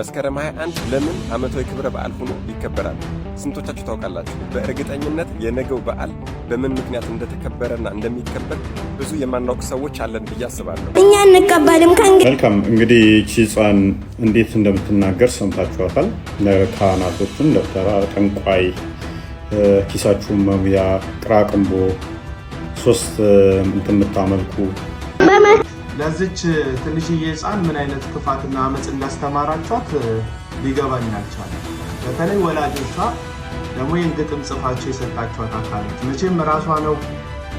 መስከረም 21 ለምን ዓመታዊ ክብረ በዓል ሆኖ ይከበራል? ስንቶቻችሁ ታውቃላችሁ? በእርግጠኝነት የነገው በዓል በምን ምክንያት እንደተከበረና እንደሚከበር ብዙ የማናውቅ ሰዎች አለን ብዬ አስባለሁ። እኛ እንቀበልም። መልካም እንግዲህ ይቺ እንዴት እንደምትናገር ሰምታችኋታል። ካህናቶቹን ደብተራ፣ ጠንቋይ፣ ኪሳችሁን መሙያ፣ ቅራቅንቦ ሶስት የምታመልኩ ለዚች ትንሽዬ ሕፃን ምን አይነት ክፋትና አመፅ እንዳስተማራቸዋት ሊገባኝ በተለይ ወላጆቿ ደግሞ ይህን ግጥም ጽፋቸው የሰጣቸዋት አካሎች መቼም ራሷ ነው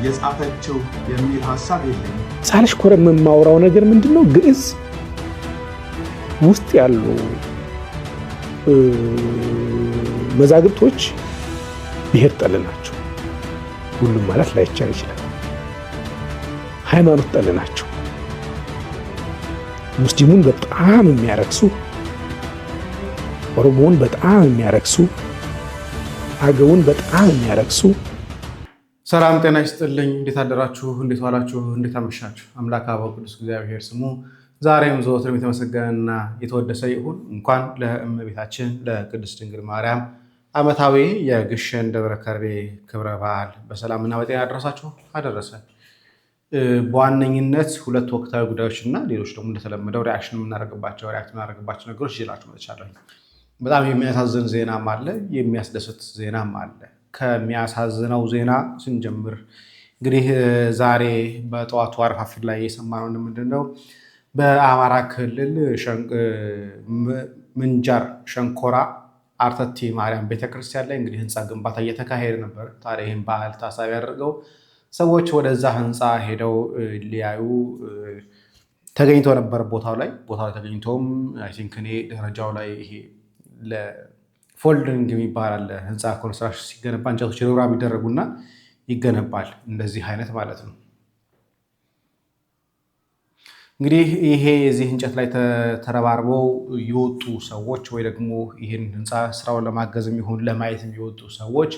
የጻፈችው የሚል ሀሳብ የለኝም። ሳልሽ ኮረ የማውራው ነገር ምንድን ነው? ግዕዝ ውስጥ ያሉ መዛግብቶች ብሔር ጠል ናቸው። ሁሉም ማለት ላይቻል ይችላል። ሃይማኖት ጠል ናቸው። ሙስሊሙን በጣም የሚያረክሱ፣ ኦሮሞውን በጣም የሚያረክሱ፣ አገውን በጣም የሚያረክሱ። ሰላም ጤና ይስጥልኝ። እንዴት አደራችሁ? እንዴት ዋላችሁ? እንዴት አመሻችሁ? አምላክ አበው ቅዱስ እግዚአብሔር ስሙ ዛሬም ዘወትርም የተመሰገነና የተወደሰ ይሁን። እንኳን ለእመቤታችን ለቅድስት ድንግል ማርያም ዓመታዊ የግሸን ደብረ ከርቤ ክብረ በዓል በሰላምና በጤና አደረሳችሁ አደረሰ። በዋነኝነት ሁለት ወቅታዊ ጉዳዮች እና ሌሎች ደግሞ እንደተለመደው ሪያክሽን የምናደርግባቸው ሪያክት የምናደርግባቸው ነገሮች ይዤላችሁ መጥቻለሁ። በጣም የሚያሳዝን ዜናም አለ፣ የሚያስደስት ዜናም አለ። ከሚያሳዝነው ዜና ስንጀምር እንግዲህ ዛሬ በጠዋቱ አረፋፊን ላይ የሰማነው ምንድን ነው? በአማራ ክልል ምንጃር ሸንኮራ አርተቲ ማርያም ቤተክርስቲያን ላይ እንግዲህ ህንፃ ግንባታ እየተካሄደ ነበር። ታዲያ ይህን በዓል ታሳቢ ያደርገው ሰዎች ወደዛ ህንፃ ሄደው ሊያዩ ተገኝቶ ነበር። ቦታው ላይ ቦታ ላይ ተገኝቶም አይ ቲንክ እኔ ደረጃው ላይ ይሄ ፎልዲንግ የሚባል አለ። ህንፃ ኮንስትራክሽን ሲገነባ እንጨቶች ርብራብ የሚደረጉና ይገነባል። እንደዚህ አይነት ማለት ነው። እንግዲህ ይሄ የዚህ እንጨት ላይ ተረባርበው የወጡ ሰዎች ወይ ደግሞ ይህን ህንፃ ስራውን ለማገዝ የሚሆን ለማየት የሚወጡ ሰዎች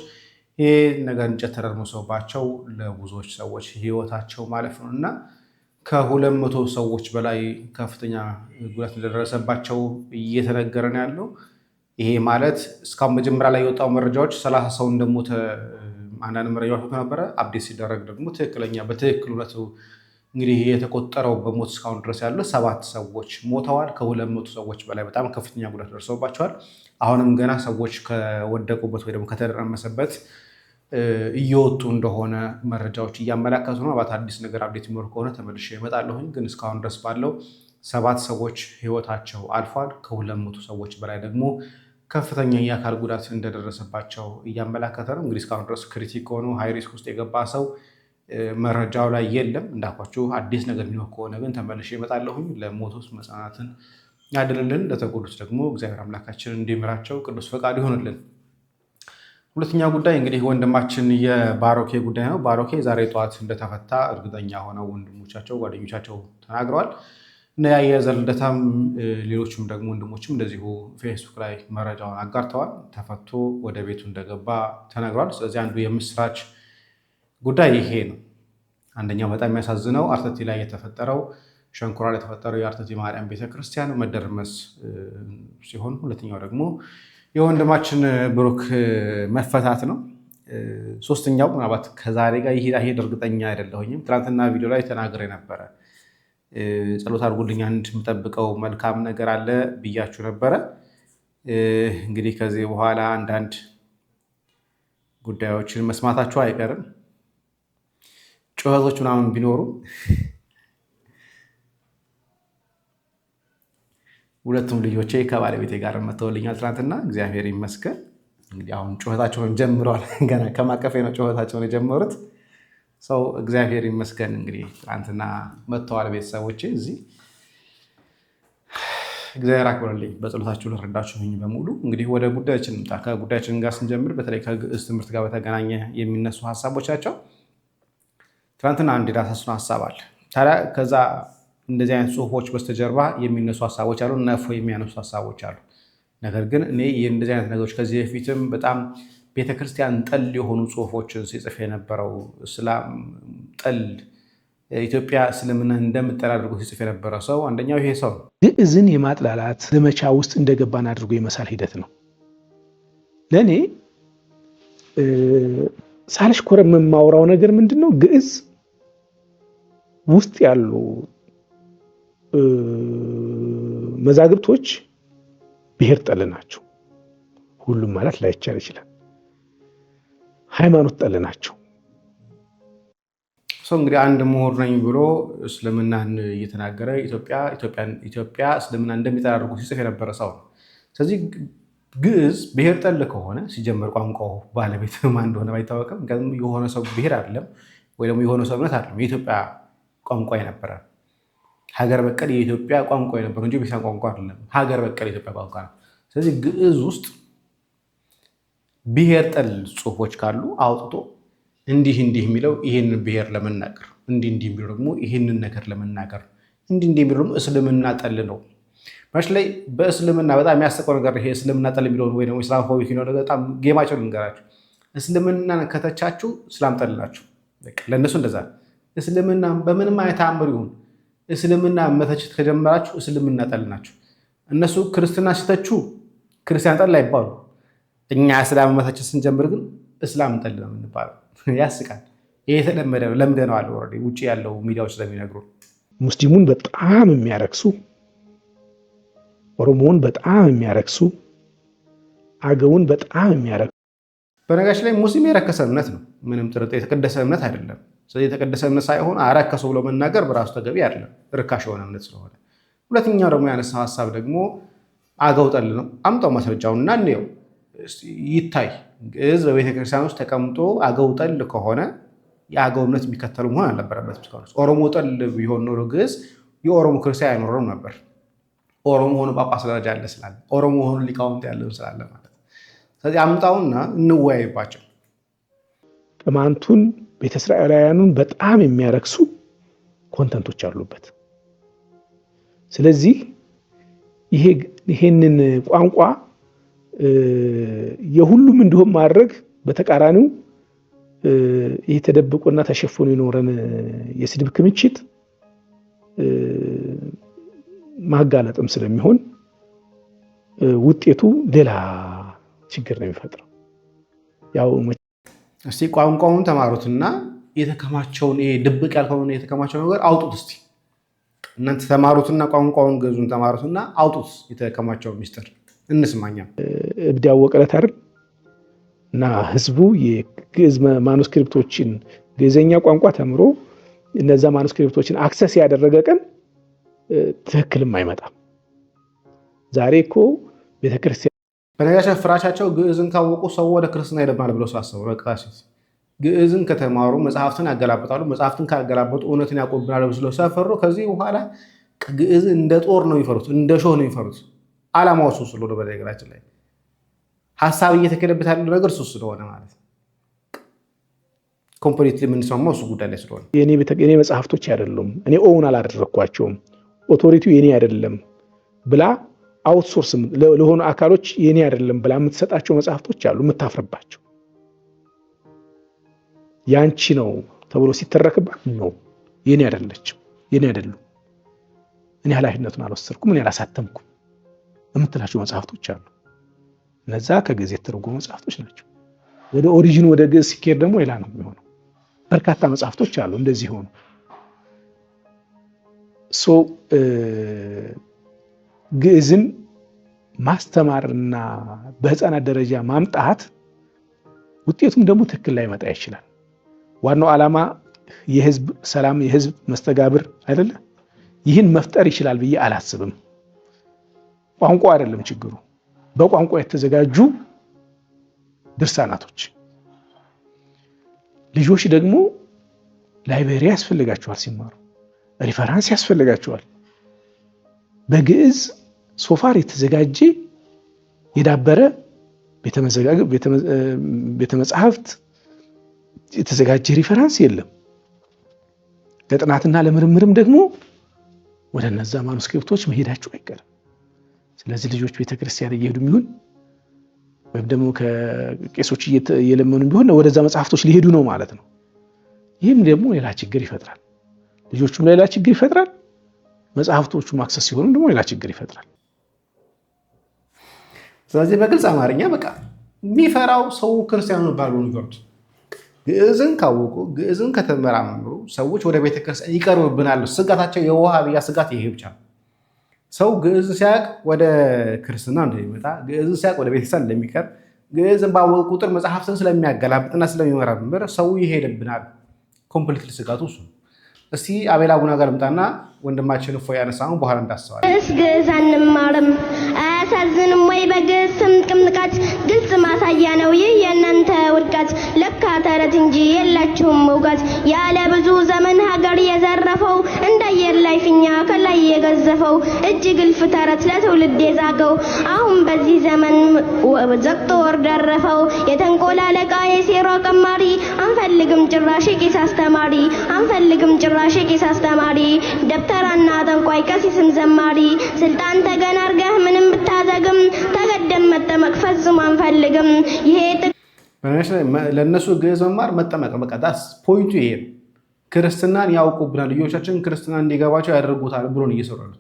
ይሄ ነገር እንጨት ተደርምሶባቸው ለብዙዎች ሰዎች ህይወታቸው ማለፍ ነው እና ከሁለት መቶ ሰዎች በላይ ከፍተኛ ጉዳት እንደደረሰባቸው እየተነገረ ነው ያለው። ይሄ ማለት እስካሁን መጀመሪያ ላይ የወጣው መረጃዎች ሰላሳ ሰው እንደሞተ አንዳንድ መረጃዎች ነበረ። አብዴት ሲደረግ ደግሞ ትክክለኛ በትክክል ሁለቱ እንግዲህ የተቆጠረው በሞት እስካሁን ድረስ ያለው ሰባት ሰዎች ሞተዋል። ከሁለት መቶ ሰዎች በላይ በጣም ከፍተኛ ጉዳት ደርሰውባቸዋል። አሁንም ገና ሰዎች ከወደቁበት ወይ ደግሞ ከተደረመሰበት እየወጡ እንደሆነ መረጃዎች እያመላከቱ ነው። አባት አዲስ ነገር አብዴት የሚኖር ከሆነ ተመልሼ እመጣለሁኝ። ግን እስካሁን ድረስ ባለው ሰባት ሰዎች ህይወታቸው አልፏል። ከሁለት መቶ ሰዎች በላይ ደግሞ ከፍተኛ የአካል ጉዳት እንደደረሰባቸው እያመላከተ ነው። እንግዲህ እስካሁን ድረስ ክሪቲክ ከሆኑ ሃይሪስክ ውስጥ የገባ ሰው መረጃው ላይ የለም። እንዳኳችሁ አዲስ ነገር ቢኖር ከሆነ ግን ተመልሼ እመጣለሁኝ። ለሞቶስ መጽናናትን ያድርልን፣ ለተጎዱት ደግሞ እግዚአብሔር አምላካችን እንዲምራቸው ቅዱስ ፈቃድ ይሆንልን። ሁለተኛ ጉዳይ እንግዲህ ወንድማችን የባሮኬ ጉዳይ ነው። ባሮኬ ዛሬ ጠዋት እንደተፈታ እርግጠኛ ሆነው ወንድሞቻቸው ጓደኞቻቸው ተናግረዋል። እና የአያዘር ልደታም ሌሎችም ደግሞ ወንድሞችም እንደዚሁ ፌስቡክ ላይ መረጃውን አጋርተዋል። ተፈቶ ወደ ቤቱ እንደገባ ተነግሯል። ስለዚህ አንዱ የምስራች ጉዳይ ይሄ ነው። አንደኛው በጣም የሚያሳዝነው አርተቲ ላይ የተፈጠረው ሸንኮራ ላይ የተፈጠረው የአርተቲ ማርያም ቤተክርስቲያን መደርመስ ሲሆን፣ ሁለተኛው ደግሞ የወንድማችን ብሩክ መፈታት ነው። ሶስተኛው ምናልባት ከዛሬ ጋር ይሄ እርግጠኛ አይደለሁኝም። ትናንትና ቪዲዮ ላይ ተናግሬ ነበረ። ጸሎት አድርጉልኝ አንድ የምጠብቀው መልካም ነገር አለ ብያችሁ ነበረ። እንግዲህ ከዚህ በኋላ አንዳንድ ጉዳዮችን መስማታችሁ አይቀርም። ጩኸቶች ምናምን ቢኖሩ ሁለቱም ልጆቼ ከባለቤቴ ጋር መተውልኛል ትናንትና፣ እግዚአብሔር ይመስገን። እንግዲህ አሁን ጩኸታቸውን ጀምረዋል። ገና ከማቀፌ ነው ጩኸታቸውን የጀመሩት። ሰው እግዚአብሔር ይመስገን። እንግዲህ ትናንትና መጥተዋል ቤተሰቦች እዚህ። እግዚአብሔር አክብረልኝ። በጸሎታችሁ ልረዳችሁኝ በሙሉ። እንግዲህ ወደ ጉዳያችን ምጣ። ከጉዳያችን ጋር ስንጀምር በተለይ ከግዕዝ ትምህርት ጋር በተገናኘ የሚነሱ ሀሳቦች ናቸው። ትናንትና አንድ የዳሰስነው ሀሳብ አለ። ታዲያ ከዛ እንደዚህ አይነት ጽሁፎች በስተጀርባ የሚነሱ ሀሳቦች አሉ፣ ነፎ የሚያነሱ ሀሳቦች አሉ። ነገር ግን እኔ እንደዚህ አይነት ነገሮች ከዚህ በፊትም በጣም ቤተክርስቲያን ጠል የሆኑ ጽሁፎችን ሲጽፍ የነበረው እስላም ጠል ኢትዮጵያ እስልምና እንደምጠል አድርጎ ሲጽፍ የነበረ ሰው አንደኛው ይሄ ሰው ግዕዝን የማጥላላት ዘመቻ ውስጥ እንደገባን አድርጎ የመሳል ሂደት ነው። ለእኔ ሳልሽኮረ የማውራው ነገር ምንድን ነው ግዕዝ ውስጥ ያሉ መዛግብቶች ብሔር ጠል ናቸው። ሁሉም ማለት ላይቻል ይችላል። ሃይማኖት ጠል ናቸው። ሰው እንግዲህ አንድ ምሁር ነኝ ብሎ እስልምናን እየተናገረ ኢትዮጵያ እስልምና እንደሚጠራርጉ ሲጽፍ የነበረ ሰው ነው። ስለዚህ ግዕዝ ብሔር ጠል ከሆነ ሲጀመር ቋንቋው ባለቤት ማን እንደሆነ ባይታወቅም፣ የሆነ ሰው ብሔር አይደለም ወይ ደግሞ የሆነ ሰው እምነት አይደለም የኢትዮጵያ ቋንቋ የነበረ ሀገር በቀል የኢትዮጵያ ቋንቋ የነበረ እንጂ ቤተሰብ ቋንቋ አይደለም። ሀገር በቀል የኢትዮጵያ ቋንቋ ነው። ስለዚህ ግዕዝ ውስጥ ብሔር ጠል ጽሁፎች ካሉ አውጥቶ እንዲህ እንዲህ የሚለው ይህንን ብሔር ለመናገር፣ እንዲህ እንዲህ የሚለው ደግሞ ይህንን ነገር ለመናገር፣ እንዲህ እንዲህ የሚለው ደግሞ እስልምና ጠል ነው። መች ላይ በእስልምና በጣም የሚያስቀው ነገር ይሄ እስልምና ጠል የሚለው ወይ ደግሞ ኢስላሞፎቢክ ነው ነገር በጣም ጌማቸው ልንገራቸው። እስልምና ከተቻችሁ እስላም ጠልላችሁ ለእነሱ እንደዛ ነው። እስልምና በምንም አይነት ይሁን እስልምና መተችት ከጀመራችሁ እስልምና ጠል ናችሁ። እነሱ ክርስትና ሲተቹ ክርስቲያን ጠል አይባሉ። እኛ እስላም መተቸት ስንጀምር ግን እስላም ጠል ነው የምንባለው። ያስቃል። ይህ የተለመደ ነው፣ ለምደ ነው አለ ወረዴ ውጭ ያለው ሚዲያዎች ስለሚነግሩ ሙስሊሙን በጣም የሚያረክሱ ኦሮሞውን በጣም የሚያረክሱ አገውን በጣም የሚያረክሱ። በነጋሽ ላይ ሙስሊም የረከሰ እምነት ነው፣ ምንም ጥርጥር የተቀደሰ እምነት አይደለም። ስለዚህ የተቀደሰ እምነት ሳይሆን አረከሱ ብሎ መናገር በራሱ ተገቢ አይደለም፣ ርካሽ የሆነ እምነት ስለሆነ። ሁለተኛው ደግሞ ያነሳ ሀሳብ ደግሞ አገው ጠል ነው። አምጣው ማስረጃውን እና እንየው ይታይ። ግዕዝ በቤተክርስቲያን ውስጥ ተቀምጦ አገው ጠል ከሆነ የአገው እምነት የሚከተሉ መሆን አልነበረበትም። ኦሮሞ ጠል ቢሆን ኖሮ ግዕዝ የኦሮሞ ክርስቲያን አይኖረም ነበር። ኦሮሞ ሆኖ ጳጳስ ደረጃ ያለ ስላለ፣ ኦሮሞ ሆኖ ሊቃውንት ያለ ስላለ ማለት ስለዚህ አምጣውና እንወያይባቸው ጥማንቱን ቤተ እስራኤላውያኑን በጣም የሚያረክሱ ኮንተንቶች አሉበት። ስለዚህ ይሄንን ቋንቋ የሁሉም እንዲሆን ማድረግ በተቃራኒው ይህ ተደብቆና ተሸፍኖ የኖረን የስድብ ክምችት ማጋለጥም ስለሚሆን ውጤቱ ሌላ ችግር ነው የሚፈጥረው ያው እስቲ ቋንቋውን ተማሩትና የተከማቸውን ይሄ ድብቅ ያልከውን የተከማቸው ነገር አውጡት። እስቲ እናንተ ተማሩትና ቋንቋውን ገዙን ተማሩትና አውጡት። የተከማቸው ሚስጥር እንስማኛ። እብድ ያወቀለት አይደል እና ህዝቡ የግዕዝ ማኑስክሪፕቶችን ግዕዘኛ ቋንቋ ተምሮ እነዛ ማኑስክሪፕቶችን አክሰስ ያደረገ ቀን ትክክልም አይመጣም። ዛሬ እኮ ቤተክርስቲያን በነገራችን ፍራቻቸው ግዕዝን ካወቁ ሰው ወደ ክርስትና ይደማል ብለው ሳሰቡ በቃ ግዕዝን ከተማሩ መጽሐፍትን ያገላብጣሉ። መጽሐፍትን ካገላበጡ እውነትን ያቆብናል ብለው ሰፈሩ። ከዚህ በኋላ ግዕዝ እንደ ጦር ነው ይፈሩት፣ እንደ ሾህ ነው ይፈሩት። አላማው እሱ ስለሆነ በነገራችን ላይ ሀሳብ እየተከደበት ያለው ነገር እሱ ስለሆነ ማለት ኮምፕሊት የምንሰማው እሱ ጉዳይ ላይ ስለሆነ የኔ መጽሐፍቶች አይደሉም እኔ ኦውን አላደረግኳቸውም ኦቶሪቲው የኔ አይደለም ብላ አውትሶርስ ለሆኑ አካሎች የኔ አይደለም ብላ የምትሰጣቸው መጽሐፍቶች አሉ የምታፍርባቸው ያንቺ ነው ተብሎ ሲተረክባት ነው የኔ አይደለችም የኔ አይደሉም እኔ ኃላፊነቱን አልወሰድኩም እኔ አላሳተምኩም የምትላቸው መጽሐፍቶች አሉ። እነዛ ከግዕዝ የተተረጎሙ መጽሐፍቶች ናቸው። ወደ ኦሪጂን ወደ ግዕዝ ሲኬድ ደግሞ ሌላ ነው የሚሆነው። በርካታ መጽሐፍቶች አሉ እንደዚህ ሆኑ ግዕዝን ማስተማርና በህፃናት ደረጃ ማምጣት ውጤቱም ደግሞ ትክክል ላይመጣ ይችላል። ዋናው ዓላማ የህዝብ ሰላም፣ የህዝብ መስተጋብር አይደለ? ይህን መፍጠር ይችላል ብዬ አላስብም። ቋንቋ አይደለም ችግሩ፣ በቋንቋ የተዘጋጁ ድርሳናቶች። ልጆች ደግሞ ላይበሪ ያስፈልጋቸዋል፣ ሲማሩ ሪፈራንስ ያስፈልጋቸዋል። በግዕዝ ሶፋር የተዘጋጀ የዳበረ ቤተ መጽሐፍት የተዘጋጀ ሪፈራንስ የለም። ለጥናትና ለምርምርም ደግሞ ወደ እነዛ ማኑስክሪፕቶች መሄዳቸው አይቀርም። ስለዚህ ልጆች ቤተክርስቲያን እየሄዱ ቢሆን ወይም ደግሞ ከቄሶች እየለመኑ ቢሆን ወደዛ መጽሐፍቶች ሊሄዱ ነው ማለት ነው። ይህም ደግሞ ሌላ ችግር ይፈጥራል። ልጆቹም ሌላ ችግር ይፈጥራል። መጽሐፍቶቹ ማክሰስ ሲሆኑ ደግሞ ሌላ ችግር ይፈጥራል። ስለዚህ በግልጽ አማርኛ በቃ የሚፈራው ሰው ክርስቲያኑ ባሉ ነገሮች ግዕዝን ካወቁ ግዕዝን ከተመራመሩ ሰዎች ወደ ቤተክርስቲያን ይቀርብብናሉ። ስጋታቸው የውሃ ብያ ስጋት ይሄ ብቻ ነው። ሰው ግዕዝ ሲያቅ ወደ ክርስትና እንደሚመጣ፣ ግዕዝ ሲያቅ ወደ ቤተክርስቲያን እንደሚቀርብ፣ ግዕዝን ባወቅ ቁጥር መጽሐፍትን ስለሚያገላብጥና ስለሚመረምር ሰው ይሄድብናል። ኮምፕሊት ስጋቱ እሱ። እስቲ አቤላ ቡና ጋር ልምጣና ወንድማችን ፎ ያነሳውን በኋላ እንዳስባለን። ግዕዝ ግዕዝ አንማርም አያሳዝንም ወይ? በግዕዝ ስም ግልጽ ማሳያ ነው ይህ የእናንተ ውድቃጭ። ለካ ተረት እንጂ የላችሁም እውቀት። ያለ ብዙ ዘመን ሀገር የዘረፈው እንደ አየር ላይ ፊኛ ከላይ የገዘፈው እጅ ግልፍ ተረት ለትውልድ የዛገው አሁን በዚህ ዘመን ዘቅጦ ወር ደረፈው። የተንቆል አለቃ ቀማሪ አንፈልግም ጭራሽ ቄስ አስተማሪ አንፈልግም ጭራሽ ቄስ አስተማሪ ተራና ጠንቋይ ቀሲስም ዘማሪ ስልጣን ተገን አርገህ ምንም ብታዘግም ተገደም መጠመቅ ፈጽሞ አንፈልግም። ይሄ ለእነሱ ግዕዝ መማር መጠመቅ በቃ ፖይንቱ ይሄ ነው። ክርስትናን ያውቁብናል፣ ልጆቻችን ክርስትና እንዲገባቸው ያደርጉታል ብሎን እየሰሩ ነው።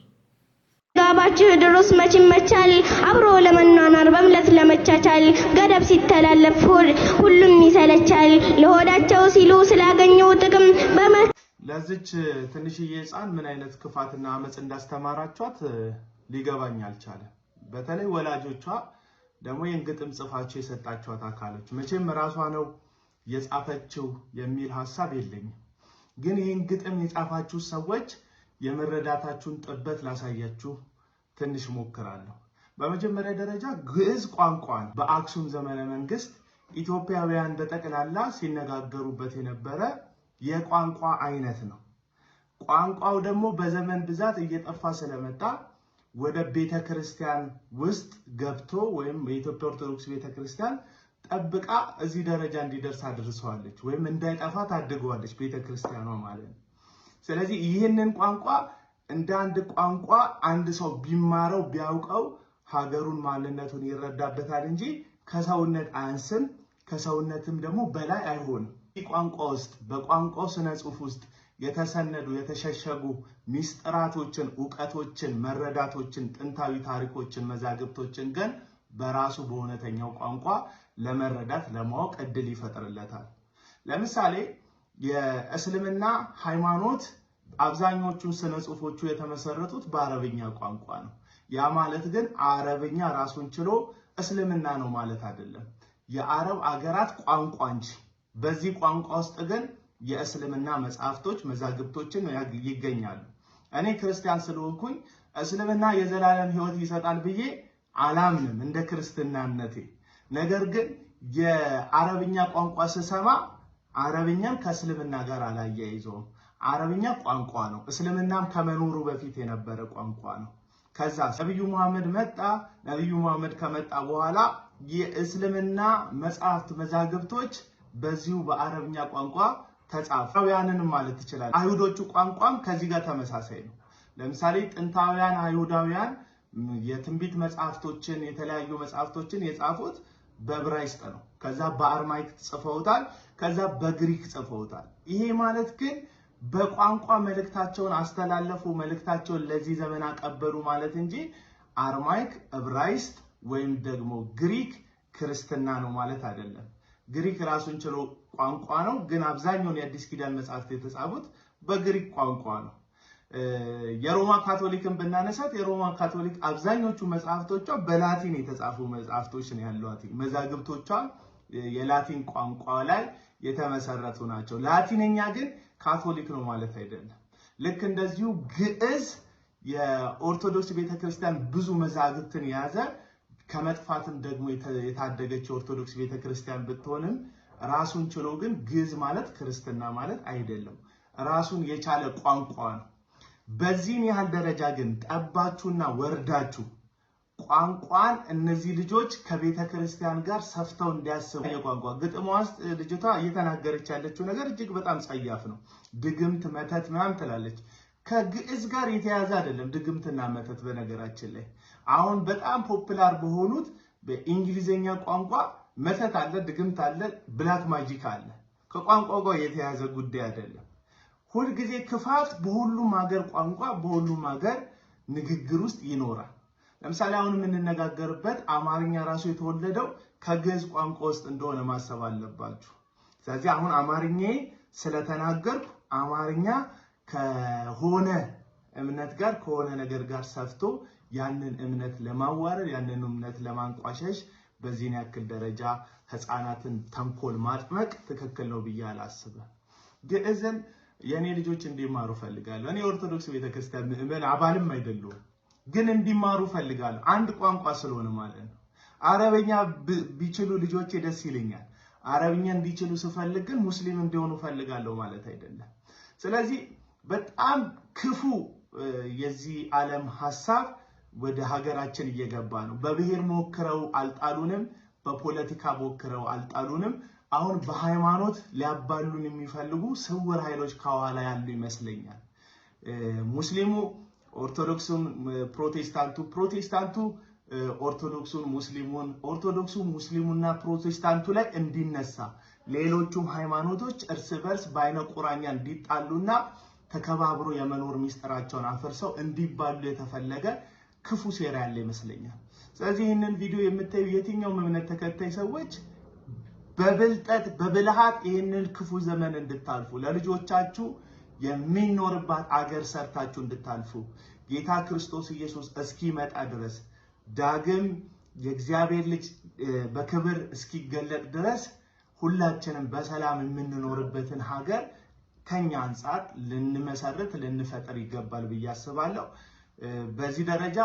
ባባችሁ ድሮስ መች መቻል አብሮ ለመኗኗር በምለት ለመቻቻል ገደብ ሲተላለፍ ሁሉም ይሰለቻል ለሆዳቸው ሲሉ ስላገኘው ጥቅም ለዚች ትንሽዬ ሕፃን ምን አይነት ክፋትና አመፅ እንዳስተማራቿት ሊገባኝ አልቻለም። በተለይ ወላጆቿ ደግሞ ይህን ግጥም ጽፋችሁ የሰጣችኋት አካሎች መቼም ራሷ ነው የጻፈችው የሚል ሀሳብ የለኝም። ግን ይህን ግጥም የጻፋችሁ ሰዎች የመረዳታችሁን ጥበት ላሳያችሁ ትንሽ ሞክራለሁ። በመጀመሪያ ደረጃ ግዕዝ ቋንቋን በአክሱም ዘመነ መንግስት ኢትዮጵያውያን በጠቅላላ ሲነጋገሩበት የነበረ የቋንቋ አይነት ነው። ቋንቋው ደግሞ በዘመን ብዛት እየጠፋ ስለመጣ ወደ ቤተ ክርስቲያን ውስጥ ገብቶ ወይም የኢትዮጵያ ኦርቶዶክስ ቤተ ክርስቲያን ጠብቃ እዚህ ደረጃ እንዲደርስ አድርሰዋለች፣ ወይም እንዳይጠፋ ታድገዋለች ቤተ ክርስቲያኗ ማለት ነው። ስለዚህ ይህንን ቋንቋ እንደ አንድ ቋንቋ አንድ ሰው ቢማረው ቢያውቀው ሀገሩን ማንነቱን ይረዳበታል እንጂ ከሰውነት አያንስም፣ ከሰውነትም ደግሞ በላይ አይሆንም። ቋንቋ ውስጥ በቋንቋው ስነ ጽሁፍ ውስጥ የተሰነዱ የተሸሸጉ ሚስጥራቶችን፣ እውቀቶችን፣ መረዳቶችን፣ ጥንታዊ ታሪኮችን፣ መዛግብቶችን ግን በራሱ በእውነተኛው ቋንቋ ለመረዳት ለማወቅ እድል ይፈጥርለታል። ለምሳሌ የእስልምና ሃይማኖት አብዛኞቹን ስነ ጽሁፎቹ የተመሰረቱት በአረብኛ ቋንቋ ነው። ያ ማለት ግን አረብኛ ራሱን ችሎ እስልምና ነው ማለት አይደለም። የአረብ አገራት ቋንቋ እንጂ በዚህ ቋንቋ ውስጥ ግን የእስልምና መጽሐፍቶች መዛግብቶችን ይገኛሉ። እኔ ክርስቲያን ስለሆንኩኝ እስልምና የዘላለም ሕይወት ይሰጣል ብዬ አላምንም እንደ እምነቴ። ነገር ግን የአረብኛ ቋንቋ ስሰማ አረብኛም ከእስልምና ጋር አላያይዘውም። አረብኛ ቋንቋ ነው። እስልምናም ከመኖሩ በፊት የነበረ ቋንቋ ነው። ከዛ ነቢዩ መሐመድ መጣ። ነቢዩ መሐመድ ከመጣ በኋላ የእስልምና መጽሐፍት መዛግብቶች በዚሁ በአረብኛ ቋንቋ ተጻፈውያንን ማለት ይችላል። አይሁዶቹ ቋንቋም ከዚህ ጋር ተመሳሳይ ነው። ለምሳሌ ጥንታውያን አይሁዳውያን የትንቢት መጽሐፍቶችን የተለያዩ መጽሐፍቶችን የጻፉት በብራይስጥ ነው። ከዛ በአርማይክ ጽፈውታል። ከዛ በግሪክ ጽፈውታል። ይሄ ማለት ግን በቋንቋ መልእክታቸውን አስተላለፉ፣ መልእክታቸውን ለዚህ ዘመን አቀበሉ ማለት እንጂ አርማይክ እብራይስጥ ወይም ደግሞ ግሪክ ክርስትና ነው ማለት አይደለም። ግሪክ ራሱን ችሎ ቋንቋ ነው፣ ግን አብዛኛውን የአዲስ ኪዳን መጽሐፍት የተጻፉት በግሪክ ቋንቋ ነው። የሮማ ካቶሊክን ብናነሳት የሮማ ካቶሊክ አብዛኞቹ መጽሐፍቶቿ በላቲን የተጻፉ መጽሐፍቶች ነው ያሏት። መዛግብቶቿ የላቲን ቋንቋ ላይ የተመሰረቱ ናቸው። ላቲንኛ ግን ካቶሊክ ነው ማለት አይደለም። ልክ እንደዚሁ ግዕዝ የኦርቶዶክስ ቤተክርስቲያን ብዙ መዛግብትን የያዘ ከመጥፋትም ደግሞ የታደገች ኦርቶዶክስ ቤተክርስቲያን ብትሆንም ራሱን ችሎ ግን ግዕዝ ማለት ክርስትና ማለት አይደለም። ራሱን የቻለ ቋንቋ ነው። በዚህን ያህል ደረጃ ግን ጠባችሁና ወርዳችሁ ቋንቋን እነዚህ ልጆች ከቤተ ክርስቲያን ጋር ሰፍተው እንዲያስቡ የቋንቋ ግጥሟ ውስጥ ልጅቷ እየተናገረች ያለችው ነገር እጅግ በጣም ጸያፍ ነው። ድግምት መተት ምናምን ትላለች። ከግዕዝ ጋር የተያዘ አይደለም ድግምትና መተት። በነገራችን ላይ አሁን በጣም ፖፕላር በሆኑት በእንግሊዝኛ ቋንቋ መተት አለ፣ ድግምት አለ፣ ብላክ ማጂክ አለ። ከቋንቋ ጋር የተያዘ ጉዳይ አይደለም። ሁልጊዜ ክፋት በሁሉም ሀገር ቋንቋ በሁሉም ሀገር ንግግር ውስጥ ይኖራል። ለምሳሌ አሁን የምንነጋገርበት አማርኛ ራሱ የተወለደው ከግዕዝ ቋንቋ ውስጥ እንደሆነ ማሰብ አለባችሁ። ስለዚህ አሁን አማርኛ ስለተናገርኩ አማርኛ ከሆነ እምነት ጋር ከሆነ ነገር ጋር ሰፍቶ ያንን እምነት ለማዋረድ ያንን እምነት ለማንቋሸሽ በዚህን ያክል ደረጃ ህፃናትን ተንኮል ማጥመቅ ትክክል ነው ብዬ አላስብም። ግዕዝን የእኔ ልጆች እንዲማሩ ፈልጋለሁ። እኔ የኦርቶዶክስ ቤተክርስቲያን ምዕመን አባልም አይደለሁም፣ ግን እንዲማሩ ፈልጋለሁ። አንድ ቋንቋ ስለሆነ ማለት ነው። አረበኛ ቢችሉ ልጆቼ ደስ ይለኛል። አረብኛ እንዲችሉ ስፈልግ ግን ሙስሊም እንዲሆኑ ፈልጋለሁ ማለት አይደለም። ስለዚህ በጣም ክፉ የዚህ ዓለም ሀሳብ ወደ ሀገራችን እየገባ ነው። በብሔር ሞክረው አልጣሉንም። በፖለቲካ ሞክረው አልጣሉንም። አሁን በሃይማኖት ሊያባሉን የሚፈልጉ ስውር ኃይሎች ከኋላ ያሉ ይመስለኛል። ሙስሊሙ ኦርቶዶክሱን፣ ፕሮቴስታንቱ ፕሮቴስታንቱ ኦርቶዶክሱን፣ ሙስሊሙን ኦርቶዶክሱ ሙስሊሙና ፕሮቴስታንቱ ላይ እንዲነሳ ሌሎቹም ሃይማኖቶች እርስ በርስ በአይነ ቁራኛ እንዲጣሉና ተከባብሮ የመኖር ሚስጥራቸውን አፈርሰው እንዲባሉ የተፈለገ ክፉ ሴራ ያለ ይመስለኛል። ስለዚህ ይህንን ቪዲዮ የምታዩ የትኛውም እምነት ተከታይ ሰዎች በብልጠት በብልሃት ይህንን ክፉ ዘመን እንድታልፉ ለልጆቻችሁ የሚኖርባት አገር ሰርታችሁ እንድታልፉ ጌታ ክርስቶስ ኢየሱስ እስኪመጣ ድረስ ዳግም የእግዚአብሔር ልጅ በክብር እስኪገለጥ ድረስ ሁላችንም በሰላም የምንኖርበትን ሀገር ከኛ አንጻር ልንመሰርት ልንፈጥር ይገባል ብዬ አስባለሁ። በዚህ ደረጃ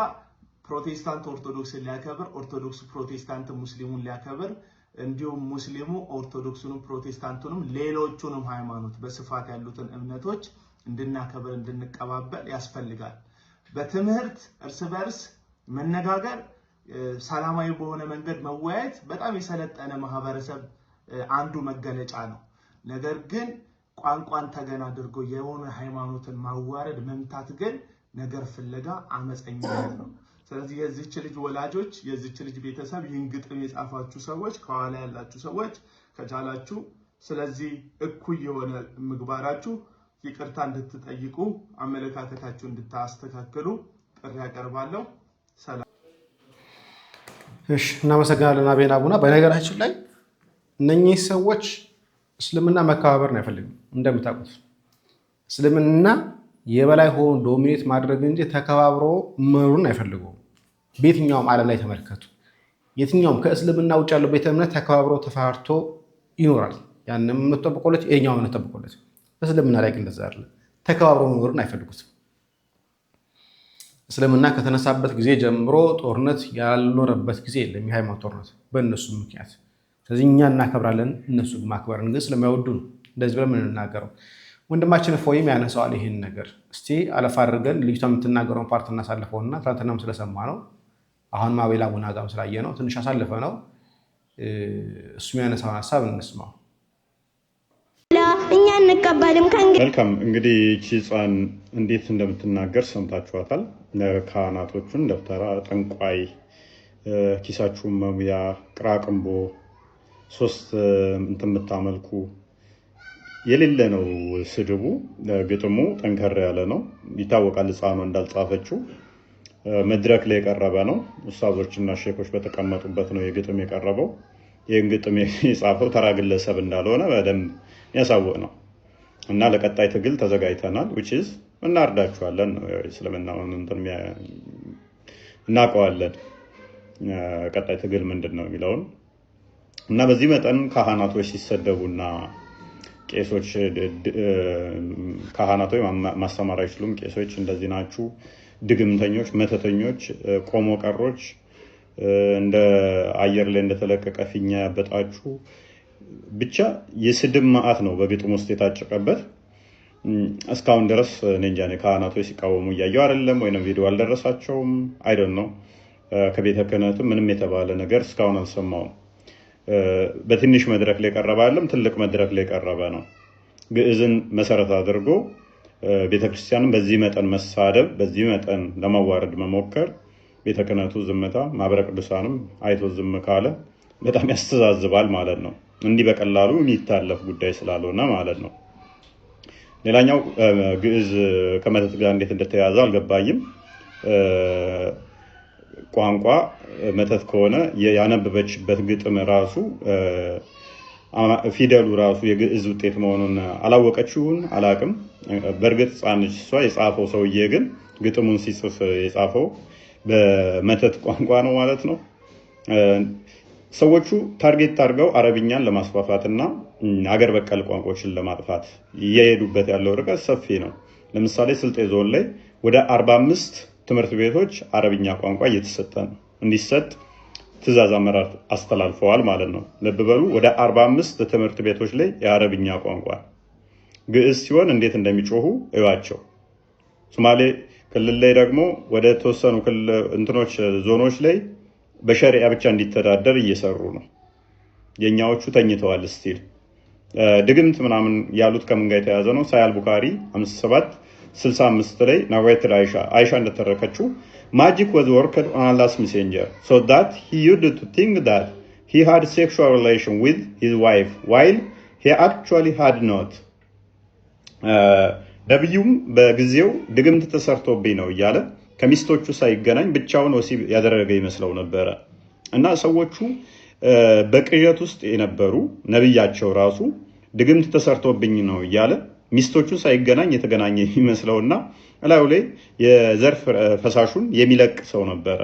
ፕሮቴስታንት ኦርቶዶክስን ሊያከብር፣ ኦርቶዶክስ ፕሮቴስታንት ሙስሊሙን ሊያከብር እንዲሁም ሙስሊሙ ኦርቶዶክሱንም ፕሮቴስታንቱንም ሌሎቹንም ሃይማኖት በስፋት ያሉትን እምነቶች እንድናከብር እንድንቀባበል ያስፈልጋል። በትምህርት እርስ በርስ መነጋገር፣ ሰላማዊ በሆነ መንገድ መወያየት በጣም የሰለጠነ ማህበረሰብ አንዱ መገለጫ ነው። ነገር ግን ቋንቋን ተገን አድርጎ የሆነ ሃይማኖትን ማዋረድ መምታት ግን ነገር ፍለጋ አመፀኝነት ነው። ስለዚህ የዚች ልጅ ወላጆች፣ የዚች ልጅ ቤተሰብ፣ ይህን ግጥም የጻፋችሁ ሰዎች፣ ከኋላ ያላችሁ ሰዎች ከቻላችሁ ስለዚህ እኩይ የሆነ ምግባራችሁ ይቅርታ እንድትጠይቁ አመለካከታችሁ እንድታስተካክሉ ጥሪ ያቀርባለሁ። ሰላም። እሺ፣ እናመሰግናለን አቤና አቡና። በነገራችን ላይ እነኚህ ሰዎች እስልምና መከባበር ነው አይፈልግም። እንደምታውቁት እስልምና የበላይ ሆኖ ዶሚኔት ማድረግ እንጂ ተከባብሮ መኖሩን አይፈልገውም። በየትኛውም ዓለም ላይ ተመልከቱ። የትኛውም ከእስልምና ውጭ ያለው ቤተ እምነት ተከባብሮ ተፋርቶ ይኖራል። ያንም እምነት ጠብቆለት፣ የኛው እምነት ጠብቆለት። እስልምና ላይ ግን እንደዛ አይደለም። ተከባብሮ መኖርን አይፈልጉትም። እስልምና ከተነሳበት ጊዜ ጀምሮ ጦርነት ያልኖረበት ጊዜ የለም። የሃይማኖት ጦርነት በእነሱ ምክንያት ስለዚህ እኛ እናከብራለን፣ እነሱ ማክበርን ግን ስለማይወዱ ነው እንደዚህ ብለን የምንናገረው። ወንድማችን ፎይም ያነሳዋል ይህን ነገር። እስቲ አለፍ አድርገን ልጅቷ የምትናገረውን ፓርት እናሳልፈውና ትናንትናም ስለሰማ ነው አሁን አቤላ ቡና ጋም ስላየ ነው ትንሽ አሳልፈ ነው እሱ ያነሳውን ሀሳብ እንስማው። እኛ እንቀበልም። መልካም እንግዲህ ይቺ ህፃን እንዴት እንደምትናገር ሰምታችኋታል። ካህናቶቹን ደብተራ፣ ጠንቋይ፣ ኪሳችሁን መሙያ፣ ቅራቅንቦ ሶስት እንትን የምታመልኩ የሌለ ነው ስድቡ። ግጥሙ ጠንከር ያለ ነው ይታወቃል። ሕፃኗ እንዳልጻፈችው መድረክ ላይ የቀረበ ነው። ኡስታዞችና ሼኮች በተቀመጡበት ነው የግጥም የቀረበው። ይህን ግጥም የጻፈው ተራ ግለሰብ እንዳልሆነ በደንብ የሚያሳውቅ ነው እና ለቀጣይ ትግል ተዘጋጅተናል። ዊችዝ እናርዳችኋለን ነው እናውቀዋለን። ቀጣይ ትግል ምንድን ነው የሚለውን እና በዚህ መጠን ካህናቶች ሲሰደቡና ቄሶች ካህናቶች ማስተማር አይችሉም፣ ቄሶች እንደዚህ ናችሁ፣ ድግምተኞች፣ መተተኞች፣ ቆሞ ቀሮች፣ እንደ አየር ላይ እንደተለቀቀ ፊኛ ያበጣችሁ፣ ብቻ የስድብ ማአት ነው በግጥም ውስጥ የታጨቀበት። እስካሁን ድረስ እኔ ካህናቶች ሲቃወሙ እያየው አይደለም፣ ወይም ቪዲዮ አልደረሳቸውም። አይደን ነው ከቤተ ክህነትም ምንም የተባለ ነገር እስካሁን አልሰማውም። በትንሽ መድረክ ላይ ቀረበ አይደለም፣ ትልቅ መድረክ ላይ ቀረበ ነው። ግዕዝን መሰረት አድርጎ ቤተክርስቲያንን በዚህ መጠን መሳደብ፣ በዚህ መጠን ለማዋረድ መሞከር ቤተ ዝምታ፣ ማህበረ ቅዱሳንም አይቶ ዝም ካለ በጣም ያስተዛዝባል ማለት ነው። እንዲህ በቀላሉ የሚታለፍ ጉዳይ ስላልሆነ ማለት ነው። ሌላኛው ግዕዝ ከመተት ጋር እንዴት እንደተያዘ አልገባኝም። ቋንቋ መተት ከሆነ ያነበበችበት ግጥም ራሱ ፊደሉ ራሱ የግዕዝ ውጤት መሆኑን አላወቀችውን አላቅም። በእርግጥ ጻንች እሷ። የጻፈው ሰውዬ ግን ግጥሙን ሲጽፍ የጻፈው በመተት ቋንቋ ነው ማለት ነው። ሰዎቹ ታርጌት አድርገው አረብኛን ለማስፋፋት እና አገር በቀል ቋንቋዎችን ለማጥፋት እየሄዱበት ያለው ርቀት ሰፊ ነው። ለምሳሌ ስልጤ ዞን ላይ ወደ 45 ትምህርት ቤቶች አረብኛ ቋንቋ እየተሰጠ ነው እንዲሰጥ ትእዛዝ አመራር አስተላልፈዋል ማለት ነው። ልብ በሉ ወደ 45 ትምህርት ቤቶች ላይ የአረብኛ ቋንቋ ግዕዝ ሲሆን እንዴት እንደሚጮሁ እዩዋቸው። ሶማሌ ክልል ላይ ደግሞ ወደ ተወሰኑ እንትኖች ዞኖች ላይ በሸሪያ ብቻ እንዲተዳደር እየሰሩ ነው። የእኛዎቹ ተኝተዋል። ስቲል ድግምት ምናምን ያሉት ከምን ጋር የተያዘ ነው? ሳያል ቡካሪ 57 65 ላይ ናዋይት አይሻ አይሻ እንደተረከችው ማጂክ ወዝ ወርከድ ኦን አላስ ሜሴንጀር ሶ ዳት ሂ ዩድ ቱ ቲንክ ዳት ሂ ሃድ ሴክሹዋል ሪሌሽን ዊዝ ሂዝ ዋይፍ ዋይል ሂ አክቹዋሊ ሃድ ኖት። ነቢዩም በጊዜው ድግምት ተሰርቶብኝ ነው እያለ ከሚስቶቹ ሳይገናኝ ብቻውን ወሲብ ያደረገ ይመስለው ነበረ እና ሰዎቹ በቅዠት ውስጥ የነበሩ ነቢያቸው ራሱ ድግምት ተሰርቶብኝ ነው እያለ ሚስቶቹ ሳይገናኝ የተገናኘ ይመስለውና እላዩ ላይ የዘርፍ ፈሳሹን የሚለቅ ሰው ነበረ።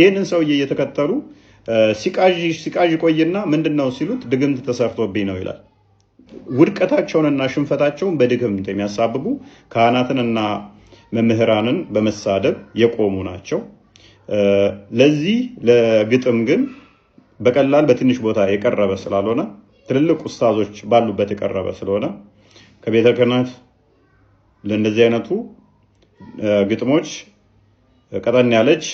ይህንን ሰውዬ እየተከተሉ ሲቃዥ ቆይና ምንድን ነው ሲሉት ድግምት ተሰርቶብኝ ነው ይላል። ውድቀታቸውንና ሽንፈታቸውን በድግምት የሚያሳብቡ ካህናትንና መምህራንን በመሳደብ የቆሙ ናቸው። ለዚህ ለግጥም ግን በቀላል በትንሽ ቦታ የቀረበ ስላልሆነ ትልልቅ ኡስታዞች ባሉበት የቀረበ ስለሆነ ከቤተ ክህነት ለእንደዚህ አይነቱ ግጥሞች ቀጠን ያለች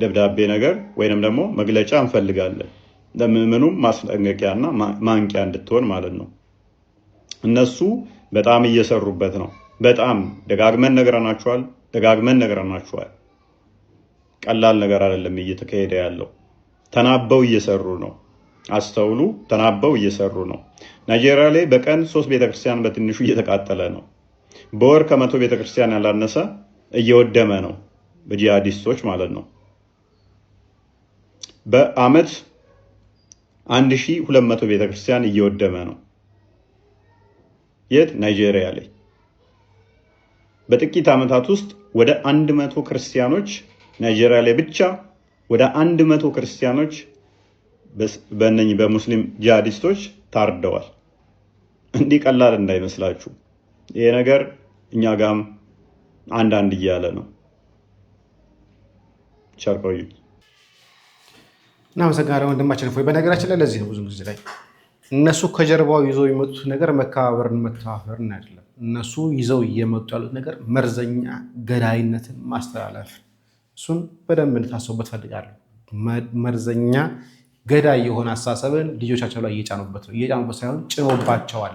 ደብዳቤ ነገር ወይንም ደግሞ መግለጫ እንፈልጋለን። ለምዕመኑም ማስጠንቀቂያና ማንቂያ እንድትሆን ማለት ነው። እነሱ በጣም እየሰሩበት ነው። በጣም ደጋግመን ነግረናችኋል፣ ደጋግመን ነግረናችኋል። ቀላል ነገር አይደለም እየተካሄደ ያለው። ተናበው እየሰሩ ነው። አስተውሉ። ተናበው እየሰሩ ነው። ናይጄሪያ ላይ በቀን ሶስት ቤተክርስቲያን በትንሹ እየተቃጠለ ነው። በወር ከመቶ ቤተክርስቲያን ያላነሰ እየወደመ ነው፣ በጂሃዲስቶች ማለት ነው። በአመት 1200 ቤተክርስቲያን እየወደመ ነው። የት? ናይጄሪያ ላይ በጥቂት ዓመታት ውስጥ ወደ 100 ክርስቲያኖች ናይጄሪያ ላይ ብቻ ወደ 100 ክርስቲያኖች በእነኝህ በሙስሊም ጂሃዲስቶች ታርደዋል። እንዲህ ቀላል እንዳይመስላችሁ። ይሄ ነገር እኛ ጋም አንዳንድ እያለ ነው። ቸር ቆዩ። እናመሰግናለን ወንድማችን እፎይ። በነገራችን ላይ ለዚህ ነው ብዙ ጊዜ ላይ እነሱ ከጀርባው ይዘው የመጡት ነገር መከባበርን መተባበርን አይደለም። እነሱ ይዘው እየመጡ ያሉት ነገር መርዘኛ ገዳይነትን ማስተላለፍ፣ እሱን በደንብ እንድታስቡበት ፈልጋለሁ። መርዘኛ ገዳይ የሆነ አስተሳሰብን ልጆቻቸው ላይ እየጫኑበት ነው። እየጫኑበት ሳይሆን ጭኖባቸዋል።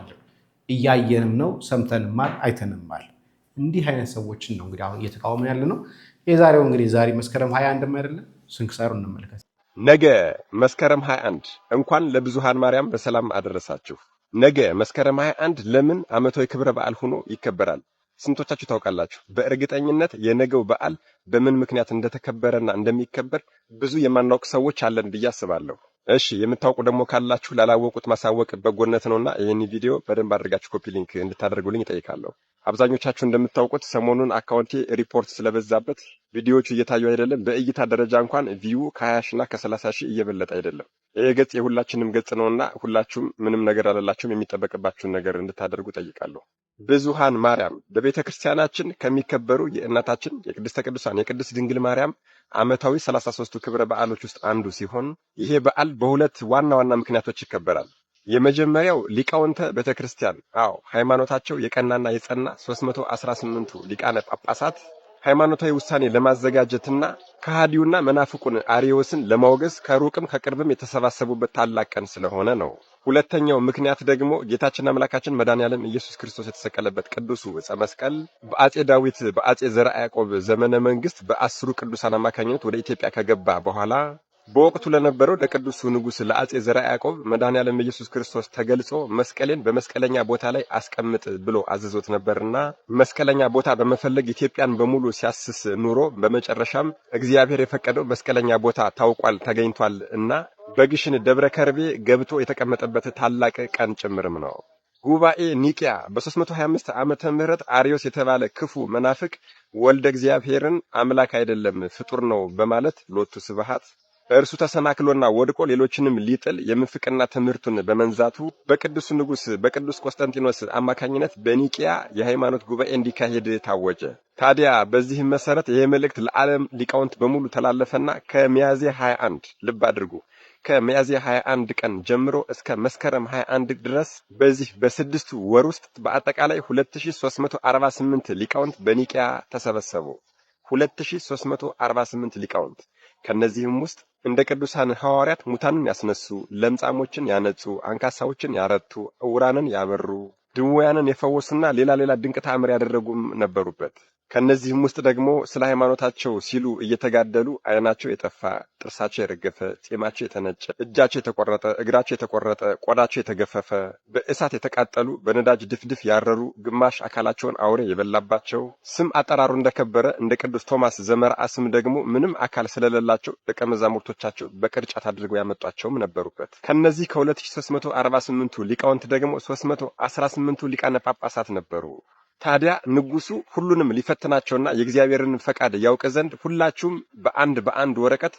እያየንም ነው፣ ሰምተንማል፣ አይተንማል። እንዲህ አይነት ሰዎችን ነው እንግዲህ አሁን እየተቃወመን ያለ ነው። የዛሬው እንግዲህ ዛሬ መስከረም 21 አይደለም ስንክሳሩ እንመልከት። ነገ መስከረም 21 እንኳን ለብዙሃን ማርያም በሰላም አደረሳችሁ። ነገ መስከረም 21 ለምን ዓመታዊ ክብረ በዓል ሆኖ ይከበራል? ስንቶቻችሁ ታውቃላችሁ? በእርግጠኝነት የነገው በዓል በምን ምክንያት እንደተከበረና እንደሚከበር ብዙ የማናውቅ ሰዎች አለን ብዬ አስባለሁ። እሺ የምታውቁ ደግሞ ካላችሁ ላላወቁት ማሳወቅ በጎነት ነውና ይህን ቪዲዮ በደንብ አድርጋችሁ ኮፒ ሊንክ እንድታደርጉልኝ ይጠይቃለሁ። አብዛኞቻችሁ እንደምታውቁት ሰሞኑን አካውንቴ ሪፖርት ስለበዛበት ቪዲዮዎቹ እየታዩ አይደለም። በእይታ ደረጃ እንኳን ቪዩ ከ20 ሺና ከ ሺህ እየበለጠ አይደለም። ይህ ገጽ የሁላችንም ገጽ ነውና ሁላችሁም ምንም ነገር አለላችሁም፣ የሚጠበቅባችሁን ነገር እንድታደርጉ ጠይቃለሁ። ብዙሃን ማርያም በቤተ ክርስቲያናችን ከሚከበሩ የእናታችን የቅድስተ ቅዱሳን የቅድስት ድንግል ማርያም ዓመታዊ ሰላሳ ሶስቱ ክብረ በዓሎች ውስጥ አንዱ ሲሆን ይሄ በዓል በሁለት ዋና ዋና ምክንያቶች ይከበራል። የመጀመሪያው ሊቃውንተ ቤተ ክርስቲያን አዎ ሃይማኖታቸው የቀናና የጸና 318ቱ ሊቃነ ጳጳሳት ሃይማኖታዊ ውሳኔ ለማዘጋጀትና ከሃዲውና መናፍቁን አሪዮስን ለማውገዝ ከሩቅም ከቅርብም የተሰባሰቡበት ታላቅ ቀን ስለሆነ ነው። ሁለተኛው ምክንያት ደግሞ ጌታችን አምላካችን መድኃኔዓለም ኢየሱስ ክርስቶስ የተሰቀለበት ቅዱሱ ዕፀ መስቀል በአጼ ዳዊት በአጼ ዘርዓ ያዕቆብ ዘመነ መንግስት በአስሩ ቅዱሳን አማካኝነት ወደ ኢትዮጵያ ከገባ በኋላ በወቅቱ ለነበረው ለቅዱሱ ንጉሥ ለአጼ ዘርዓ ያዕቆብ መድኃኔ ኢየሱስ ክርስቶስ ተገልጾ መስቀሌን በመስቀለኛ ቦታ ላይ አስቀምጥ ብሎ አዝዞት ነበርና መስቀለኛ ቦታ በመፈለግ ኢትዮጵያን በሙሉ ሲያስስ ኑሮ በመጨረሻም እግዚአብሔር የፈቀደው መስቀለኛ ቦታ ታውቋል፣ ተገኝቷል እና በግሽን ደብረ ከርቤ ገብቶ የተቀመጠበት ታላቅ ቀን ጭምርም ነው። ጉባኤ ኒቅያ በ325 ዓመተ ምህረት አሪዮስ የተባለ ክፉ መናፍቅ ወልደ እግዚአብሔርን አምላክ አይደለም ፍጡር ነው በማለት ሎቱ ስብሃት እርሱ ተሰናክሎና ወድቆ ሌሎችንም ሊጥል የምንፍቅና ትምህርቱን በመንዛቱ በቅዱሱ ንጉሥ በቅዱስ ቆስጠንጢኖስ አማካኝነት በኒቅያ የሃይማኖት ጉባኤ እንዲካሄድ ታወጀ። ታዲያ በዚህም መሰረት ይህ መልእክት ለዓለም ሊቃውንት በሙሉ ተላለፈና ከሚያዝያ 21 ልብ አድርጉ ከሚያዝያ 21 ቀን ጀምሮ እስከ መስከረም 21 ድረስ በዚህ በስድስቱ ወር ውስጥ በአጠቃላይ 2348 ሊቃውንት በኒቅያ ተሰበሰቡ። 2348 ሊቃውንት ከነዚህም ውስጥ እንደ ቅዱሳን ሐዋርያት ሙታንን ያስነሱ፣ ለምጻሞችን ያነጹ፣ አንካሳዎችን ያረቱ፣ ዕውራንን ያበሩ፣ ድውያንን የፈወሱና ሌላ ሌላ ድንቅ ተአምር ያደረጉም ነበሩበት። ከነዚህም ውስጥ ደግሞ ስለ ሃይማኖታቸው ሲሉ እየተጋደሉ አይናቸው የጠፋ፣ ጥርሳቸው የረገፈ፣ ጺማቸው የተነጨ፣ እጃቸው የተቆረጠ፣ እግራቸው የተቆረጠ፣ ቆዳቸው የተገፈፈ፣ በእሳት የተቃጠሉ፣ በነዳጅ ድፍድፍ ያረሩ፣ ግማሽ አካላቸውን አውሬ የበላባቸው፣ ስም አጠራሩ እንደከበረ እንደ ቅዱስ ቶማስ ዘመርአ ስም ደግሞ ምንም አካል ስለሌላቸው ደቀ መዛሙርቶቻቸው በቅርጫት አድርገው ያመጧቸውም ነበሩበት። ከነዚህ ከ2348ቱ ሊቃውንት ደግሞ 318ቱ ሊቃነ ጳጳሳት ነበሩ። ታዲያ ንጉሱ ሁሉንም ሊፈትናቸውና የእግዚአብሔርን ፈቃድ ያውቅ ዘንድ ሁላችሁም በአንድ በአንድ ወረቀት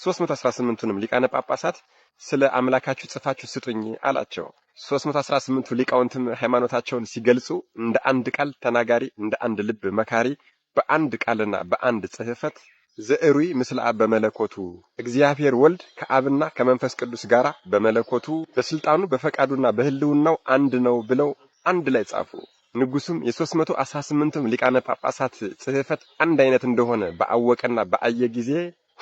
318ቱንም ሊቃነ ጳጳሳት ስለ አምላካችሁ ጽፋችሁ ስጡኝ አላቸው። 318ቱ ሊቃውንትም ሃይማኖታቸውን ሲገልጹ እንደ አንድ ቃል ተናጋሪ፣ እንደ አንድ ልብ መካሪ፣ በአንድ ቃልና በአንድ ጽህፈት ዘዕሩይ ምስለ አብ በመለኮቱ እግዚአብሔር ወልድ ከአብና ከመንፈስ ቅዱስ ጋር በመለኮቱ በስልጣኑ በፈቃዱና በህልውናው አንድ ነው ብለው አንድ ላይ ጻፉ። ንጉሱም የሦስት መቶ አስራ ሊቃነ ጳጳሳት ጽህፈት አንድ አይነት እንደሆነ በአወቀና በአየ ጊዜ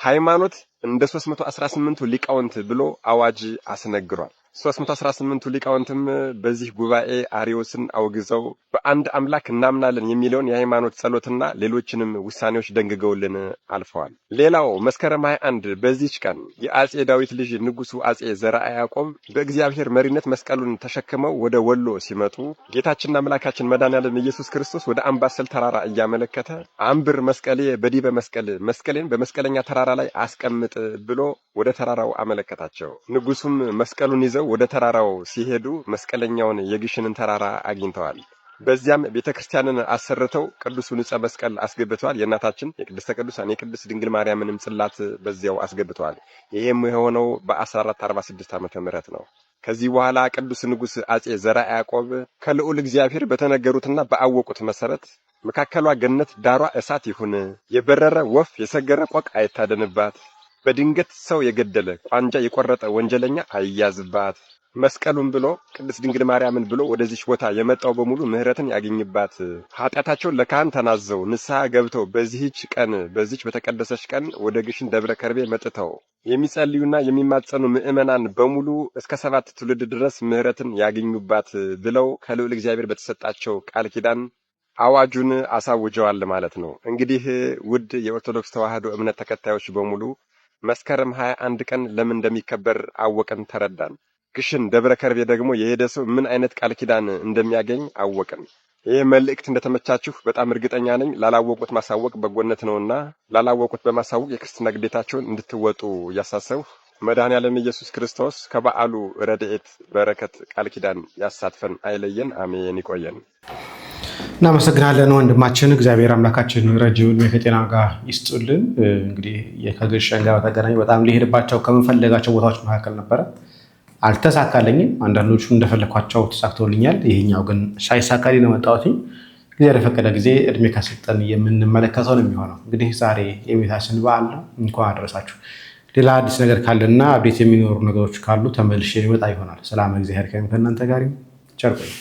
ሃይማኖት እንደ 318ቱ ሊቃውንት ብሎ አዋጅ አስነግሯል። 318ቱ ሊቃውንትም በዚህ ጉባኤ አሪዮስን አውግዘው በአንድ አምላክ እናምናለን የሚለውን የሃይማኖት ጸሎትና ሌሎችንም ውሳኔዎች ደንግገውልን አልፈዋል። ሌላው መስከረም 21 በዚች ቀን የአጼ ዳዊት ልጅ ንጉሱ አጼ ዘርዓ ያዕቆብ በእግዚአብሔር መሪነት መስቀሉን ተሸክመው ወደ ወሎ ሲመጡ ጌታችንና አምላካችን መድኃኔዓለም ኢየሱስ ክርስቶስ ወደ አምባሰል ተራራ እያመለከተ አንብር መስቀሌ በዲበ መስቀል መስቀሌን በመስቀለኛ ተራራ ላይ አስቀምጥ ብሎ ወደ ተራራው አመለከታቸው። ንጉሱም መስቀሉን ይዘው ወደ ተራራው ሲሄዱ መስቀለኛውን የግሽንን ተራራ አግኝተዋል። በዚያም ቤተ ክርስቲያንን አሰርተው ቅዱሱን ጸ መስቀል አስገብተዋል። የእናታችን የቅድስተ ቅዱሳን የቅድስት ድንግል ማርያምንም ጽላት በዚያው አስገብተዋል። ይህም የሆነው በ1446 ዓ ምህረት ነው። ከዚህ በኋላ ቅዱስ ንጉሥ አጼ ዘራ ያዕቆብ ከልዑል እግዚአብሔር በተነገሩትና በአወቁት መሠረት መካከሏ ገነት ዳሯ እሳት ይሁን፣ የበረረ ወፍ የሰገረ ቆቅ አይታደንባት፣ በድንገት ሰው የገደለ ቋንጃ የቆረጠ ወንጀለኛ አይያዝባት መስቀሉን ብሎ ቅድስት ድንግል ማርያምን ብሎ ወደዚች ቦታ የመጣው በሙሉ ምሕረትን ያገኝባት ኃጢአታቸውን ለካህን ተናዘው ንስሐ ገብተው በዚህች ቀን በዚች በተቀደሰች ቀን ወደ ግሽን ደብረ ከርቤ መጥተው የሚጸልዩና የሚማጸኑ ምእመናን በሙሉ እስከ ሰባት ትውልድ ድረስ ምሕረትን ያገኙባት ብለው ከልዑል እግዚአብሔር በተሰጣቸው ቃል ኪዳን አዋጁን አሳውጀዋል ማለት ነው። እንግዲህ ውድ የኦርቶዶክስ ተዋሕዶ እምነት ተከታዮች በሙሉ መስከረም 21 ቀን ለምን እንደሚከበር አወቅን፣ ተረዳን። ግሽን ደብረ ከርቤ ደግሞ የሄደ ሰው ምን አይነት ቃል ኪዳን እንደሚያገኝ አወቅን። ይህ መልእክት እንደተመቻችሁ በጣም እርግጠኛ ነኝ። ላላወቁት ማሳወቅ በጎነት ነውና ላላወቁት በማሳወቅ የክርስትና ግዴታቸውን እንድትወጡ እያሳሰቡ መድኃኔ ዓለም ኢየሱስ ክርስቶስ ከበዓሉ ረድኤት፣ በረከት፣ ቃል ኪዳን ያሳትፈን፣ አይለየን። አሜን። ይቆየን። እናመሰግናለን ወንድማችን። እግዚአብሔር አምላካችን ረጅም ዕድሜ ከጤና ጋር ይስጡልን። እንግዲህ ከግሽን ጋር በተገናኘ በጣም ሊሄድባቸው ከምንፈለጋቸው ቦታዎች መካከል ነበረ። አልተሳካለኝም። አንዳንዶቹ እንደፈለኳቸው ተሳክቶልኛል። ይሄኛው ግን ሳይሳካሊ ነው መጣሁት። ጊዜ ለፈቀደ ጊዜ እድሜ ከሰጠን የምንመለከተው ነው የሚሆነው። እንግዲህ ዛሬ የቤታችን በዓል ነው፣ እንኳን አደረሳችሁ። ሌላ አዲስ ነገር ካለና አብዴት የሚኖሩ ነገሮች ካሉ ተመልሼ ይመጣ ይሆናል። ሰላም እግዚአብሔር ከእናንተ ጋር ቸርቆኝ